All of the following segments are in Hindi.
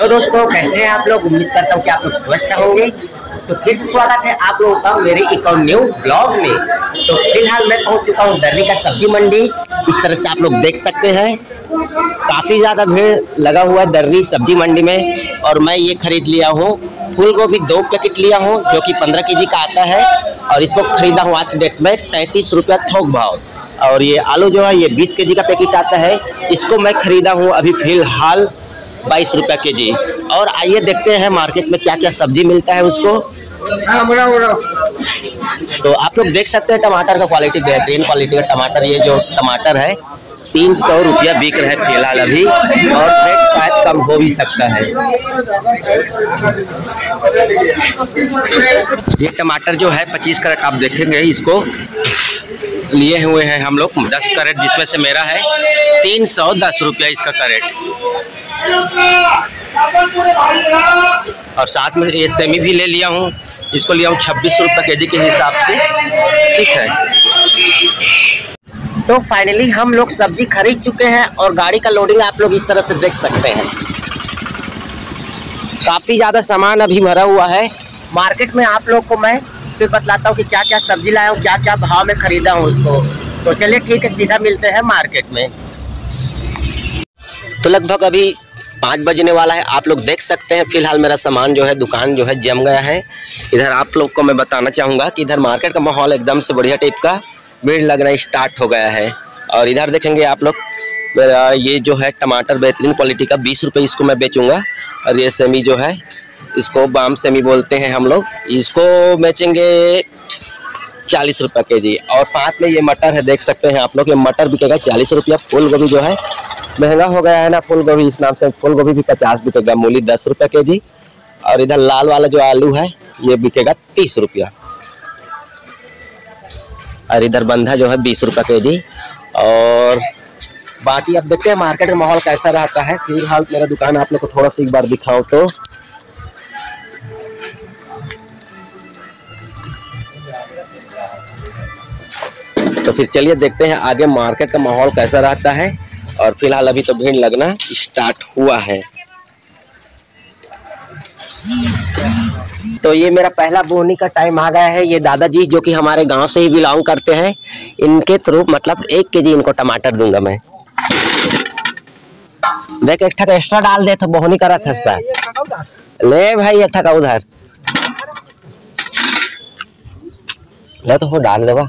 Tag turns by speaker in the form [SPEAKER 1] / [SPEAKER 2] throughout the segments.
[SPEAKER 1] हेलो दोस्तों कैसे हैं आप लोग उम्मीद करता हूँ कि आप लोग स्वस्थ होंगे तो फिर से स्वागत है आप लोगों का मेरे एक और न्यू ब्लॉग में तो फिलहाल मैं पहुँच चुका हूँ दर्री का सब्जी मंडी इस तरह से आप लोग देख सकते हैं काफ़ी ज़्यादा भीड़ लगा हुआ है दर्री सब्जी मंडी में और मैं ये खरीद लिया हूँ फूल गोभी दो पैकेट लिया हूँ जो कि पंद्रह के का आता है और इसको खरीदा हूँ आज के डेट में तैंतीस रुपया थोक भाव और ये आलू जो है ये बीस के का पैकेट आता है इसको मैं खरीदा हूँ अभी फिलहाल बाईस रुपये के जी और आइए देखते हैं मार्केट में क्या क्या सब्जी मिलता है उसको हाँ, तो आप लोग देख सकते हैं टमाटर का क्वालिटी बेहतरीन क्वालिटी का टमाटर ये जो टमाटर है तीन सौ रुपया बिक रहा है फिलहाल अभी और रेट शायद कम हो भी सकता है ये टमाटर जो है पच्चीस करेट आप देखेंगे इसको लिए हुए हैं हम लोग दस करेट जिसमें से मेरा है तीन सौ दस रुपया इसका करेट और साथ में ये सेमी भी ले लिया हूँ इसको लिया हूँ छब्बीस रुपये के जी के हिसाब से ठीक है तो फाइनली हम लोग सब्जी खरीद चुके हैं और गाड़ी का लोडिंग आप लोग इस तरह से देख सकते हैं काफ़ी ज़्यादा सामान अभी भरा हुआ है मार्केट में आप लोग को मैं फिर बतलाता हूँ कि क्या क्या सब्जी लाया हूँ क्या क्या भाव में ख़रीदा हूँ उसको तो चलिए ठीक है सीधा मिलते हैं मार्केट में तो लगभग अभी पाँच बजने वाला है आप लोग देख सकते हैं फिलहाल मेरा सामान जो है दुकान जो है जम गया है इधर आप लोग को मैं बताना चाहूँगा कि इधर मार्केट का माहौल एकदम से बढ़िया टाइप का भीड़ लगना स्टार्ट हो गया है और इधर देखेंगे आप लोग मेरा ये जो है टमाटर बेहतरीन क्वालिटी का बीस रुपये इसको मैं बेचूँगा और ये सेमी जो है इसको बाम सेमी बोलते हैं हम लोग इसको बेचेंगे चालीस रुपये के जी और साथ में ये मटर है देख सकते हैं आप लोग ये मटर बिकेगा चालीस रुपया फूल गोभी जो है महंगा हो गया है ना फूल गोभी इस नाम से फूल गोभी भी पचास बिकेगा मूली दस रुपये के जी और इधर लाल वाला जो आलू है ये बिकेगा तीस रुपया और इधर बंधा जो है बीस रुपये के जी और बाकी आप देखते हैं मार्केट में माहौल कैसा रहता है फिलहाल मेरा दुकान आप लोग को थोड़ा सा एक बार दिखाओ तो तो फिर चलिए देखते हैं आगे मार्केट का माहौल कैसा रहता है और फिलहाल अभी तो भीड़ लगना स्टार्ट हुआ है तो ये मेरा पहला बोहनी का टाइम आ गया है ये दादाजी जो कि हमारे गांव से ही बिलोंग करते हैं इनके थ्रू मतलब एक के जी इनको टमाटर दूंगा मैं देख एक ठक एक्स्ट्रा डाल दे तो बोहनी करा थसता ले भाई एक ठका उधर ले तो हो डाल देवा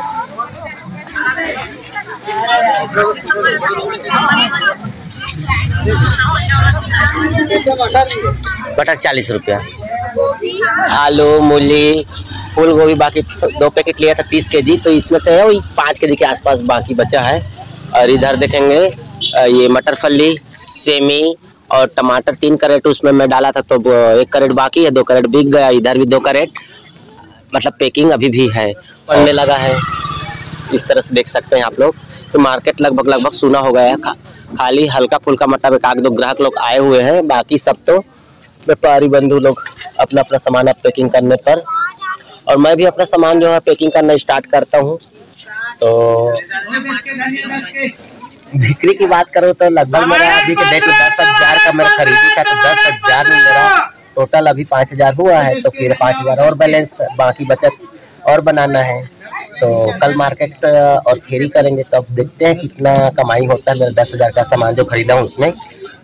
[SPEAKER 1] बटर चालीस रुपया आलू मूली फूल गोभी बाकी तो दो पैकेट लिया था तीस के जी तो इसमें से है वही पाँच के जी के आसपास बाकी बचा है और इधर देखेंगे ये मटर फली सेमी और टमाटर तीन करेट उसमें मैं डाला था तो एक करेट बाकी है दो करेट बिक गया इधर भी दो करेट मतलब पैकिंग अभी भी है पड़ने हाँ। लगा है इस तरह से देख सकते हैं आप लोग तो मार्केट लगभग लगभग सुना हो गया है खा, खाली हल्का फुल्का मतलब एक आध दो ग्राहक लोग आए हुए हैं बाकी सब तो व्यापारी बंधु लोग अपना अपना सामान अब पैकिंग करने पर और मैं भी अपना सामान जो है पैकिंग करना स्टार्ट करता हूँ तो बिक्री की बात करूँ तो लगभग मेरा अभी के डेट दस हज़ार का मेरा खरीदी था तो दस हज़ार में मेरा टोटल अभी पाँच हज़ार हुआ है तो फिर पाँच हज़ार और बैलेंस बाकी बचत और बनाना है तो कल मार्केट और फेरी करेंगे तब देखते हैं कितना कमाई होता है मेरा दस हज़ार का सामान जो खरीदा हूँ उसमें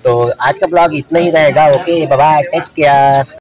[SPEAKER 1] तो आज का ब्लॉग इतना ही रहेगा ओके बाबा टेक केयर